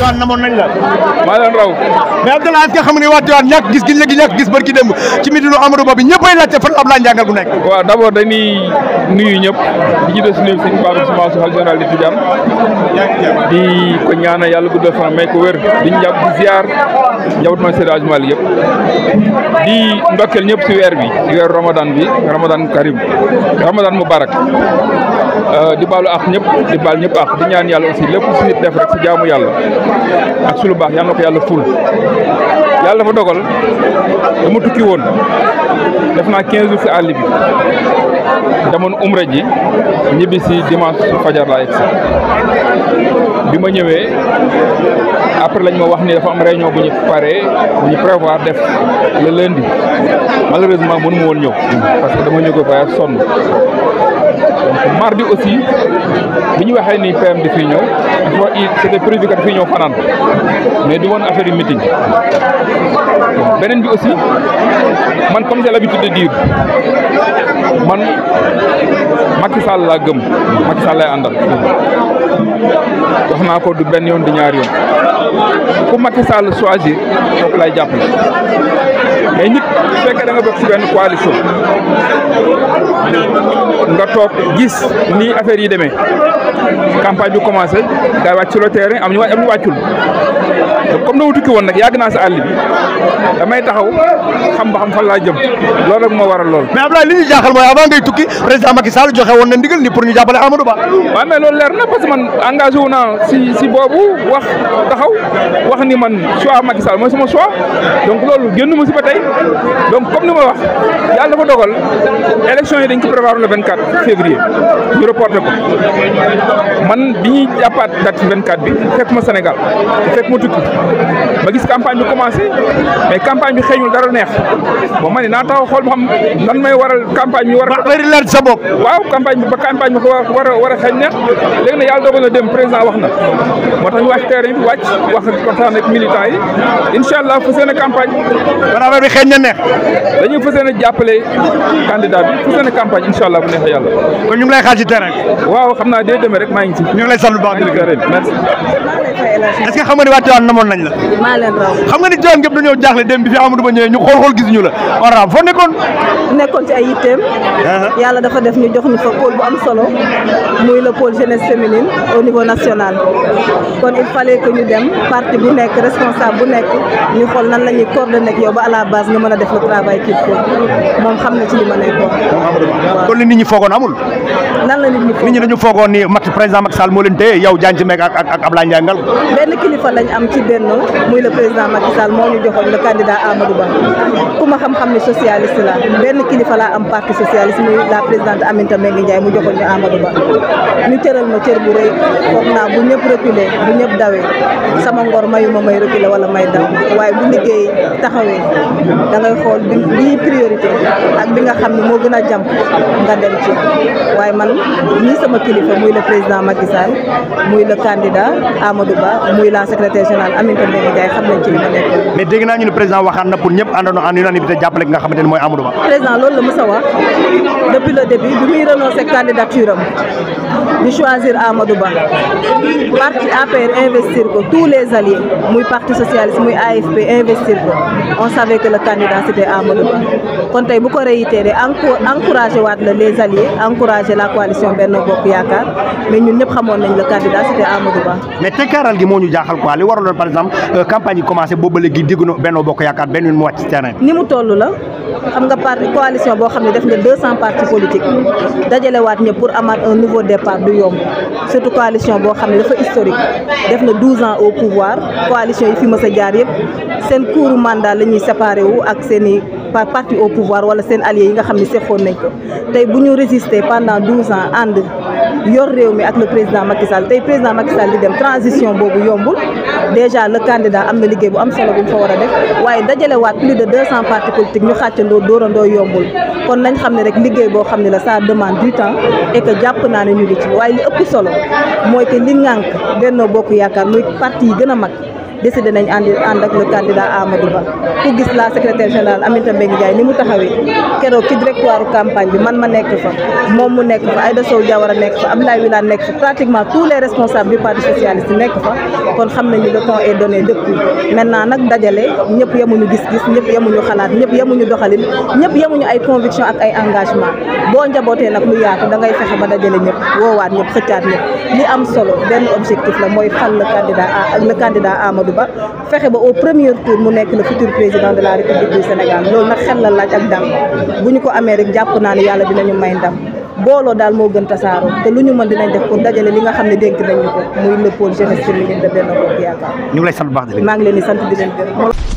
Tivaouane namoon nañ la. maa leen raw. mais Abdoulaye est-ce que xam nga ne waa Tivaouane ñàkk gis giñ la ñàkk gis barki démb ci midinu Amadou Ba bi ñëppay laajte fan Abdoulaye Ndiangal gu nekk. waaw d'abord dañuy nuyu ñëpp di ci des nuyu sëñ Babacar Sy Mansour xalifa général di Tidiane di ko ñaanal yàlla guddal fan ko wér di njab di ziar njabootu ma yëpp di ndokkeel ñëpp si weer bi si weeru Ramadan bi Ramadan Karim Ramadan Mubarak Euh, di baalu ak ñëpp di baal ñëpp ak di ñaan yàlla aussi lépp si nit def rek si jaamu yàlla ak su lu baax yàlla na ko yàlla ful yàlla dafa dogal dama tukki woon def naa 15 jours si àll bi demoon umra ji ñibbi si dimanche fajar laa bi ma ñëwee après lañ ma wax ni dafa am réunion bu ñu paree bu ñu prévoir def le lundi malheureusement mënu ma woon ñëw parce que dama ñëw ko voyage sonn donc mardi aussi bi ñu waxee ni PM dafay ñëw dafa c'était prévu que dafay ñëw fanaan mais di woon affaire yu meeting beneen bi aussi man comme j'ai l'habitude de dire man Macky Sall laa gëm Macky Sall lay àndal wax naa ko du benn yoon du ñaar yoon ku Macky Sall choisir kooku lay jàpp mais nit bu fekkee da nga bokk ci benn coalition nga toog gis ni affaire yi deme campagne bi commencé gaa yi wàcculoo terrain am ñu am ñu wàccul comme na wutukki woon nag yàgg naa si àll bi damay taxaw xam ba xam fan laa jëm loolu rek moo waral lool. mais Abdoulaye li ñu jaaxal mooy avant ngay tukki président Macky Sall joxe woon na ndigal ni pour ñu loolu leer na parce man engagé naa si si boobu wax taxaw wax ni man choix ma Sall sama choix donc loolu génn ma si ba tey donc comme nu ma wax yàlla dafa dogal élection yi dañ ko prévoir le février ñu reporté ko man bi ñuy jàppaat date 24 bi fekk ma Sénégal fekk ma tukki ma gis campagne bi commencé mais campagne bi xëyul dara neex bon ma ne naa taxaw xool ma xam nan may waral campagne bi. war a bëri leer sa bopp. waaw campagne bi ba campagne bi war a war a xëy neex léegi nag yàlla dogal na dem président wax na moo tax ñu wàcc terrain bi wàcc wax waxtaan ak militant yi incha allah fas yéene campagne. kon affaire bi xëy na neex. jàppale candidat bi fas yàlla kon ñu ngi lay xaar ci terrain waaw xam naa day demee rek maa ngi ci ñu ngi lay sant bu baax di merci est-ce que xam nga ni waa Tivaouane la maa leen raw xam nga ni Tivaouane gépp dañoo jaaxle dem bi fi Amadou Ba uh-huh. def fa pôle bu am solo muy le pôle jeunesse féminine au niveau national kon il fallait que ñu dem parti bu nekk responsable bu nekk ñu xool nan la ñuy coordonné ak yow ba à la base nga mën a def le travail qu'il moom xam na ci li ma nekkoon foogoon amul. nan la nit ñi foogoon nit ñi dañu foogoon ni Macky président Macky Sall moo leen téye yow Diagne Mbengue ak ak Abdoulaye benn kilifa lañ am ci benn muy le président Macky Sall moo ñu joxoon le candidat Amadou Ba ku ma xam-xam ni socialiste la benn kilifa laa am parti socialiste muy la présidente Aminata Mbengue Ndiaye mu joxoon ñu Amadou Ba ñu cëral ma cër bu rëy foog naa bu ñëpp reculé bu ñëpp dawee sama ngor mayuma may reculé wala may daw waaye bu liggéey taxawee da ngay xool bi nga xam ne moo gën a jàmp nga waaye man ñii sama kilifa muy le président Macky muy le candidat Amadou muy la secrétaire générale Aminata Mbengue Ndiaye xam nañ ci li ma nekk. mais dégg naa ñu ne président waxaan na pour ñëpp àndandoo en unanimité jàppale ki nga xamante ne mooy Amadou Ba. président loolu la mës a wax depuis le début bi muy renoncer candidature am di choisir Amadou parti APR investir ko tous les alliés muy parti socialiste muy AFP investir ko on savait que le candidat ko accompagner encourager la coalition Benno Bokk Yaakaar mais ñun ñëpp xamoon nañ le candidat c'était Amadou Ba. mais tekkaaral gi moo ñu jaaxal quoi li waraloon par exemple euh, campagne yi commencé boobu ba léegi dégg na Benno Bokk Yaakaar benn yoon mu la xam nga parti coalition boo xam ne def nga deux cent partis politiques dajalewaat ñëpp pour amaat un nouveau départ du yomb surtout coalition boo xam ne dafa historique def na douze ans au pouvoir coalition yi fi ma a jaar yëpp seen cours mandat la ñuy séparé wu ak seen par parti au pouvoir wala seen alliés yi nga xam ne seqoon nañ ko tey bu ñu résister pendant douze ans yor réew mi ak le président Macky Sall tey président Macky Sall di dem transition boobu yombul déjà le candidat am na liggéey bu am solo bu ñu fa war a def waaye dajalewaat plus de deux cent partis politiques ñu xàccandoo dóorandoo yombul kon nañ xam ne rek liggéey boo xam ne la saa demande du temps et jàpp naa ne ñu ngi ci waaye li ëpp solo mooy que li ngànk Benno Bokk Yaakaar muy parti yi gën a mag décidé nañ ànd ànd ak le candidat Amadou Ba ku gis la secrétaire générale Aminata Mbengue Ndiaye ni mu taxawee keroog ci directoire campagne bi man ma nekk fa moom mu nekk fa Aïda Sow Diawara nekk fa Abdoulaye Wilane nekk fa pratiquement tous les responsables du parti socialiste nekk fa kon xam nañu le temps est donné depuis maintenant nag dajale ñëpp yemuñu gis-gis ñëpp ñu xalaat ñëpp yemuñu doxalin ñëpp yemuñu ay conviction ak ay engagement boo njabootee nag lu yaatu da ngay fexe ba dajale ñëpp woowaat ñëpp xëccaat ñëpp li am solo benn objectif la mooy fal le candidat Amadou Ba fexe ba au premier tour mu nekk le futur président de la République du Sénégal loolu na xel la laaj ak ndam bu ñu ko amee rek jàpp naa ne yàlla ñu may ndam booloo daal moo gën tasaaroo te lu ñu mën dinañ def ko dajale li nga xam ne dénk nañ ñu ko muy le pôle jeunesse féminine de Benno Bokk Yaakaar. ñu ngi lay sant leen maa ngi leen di sant di leen gërëm.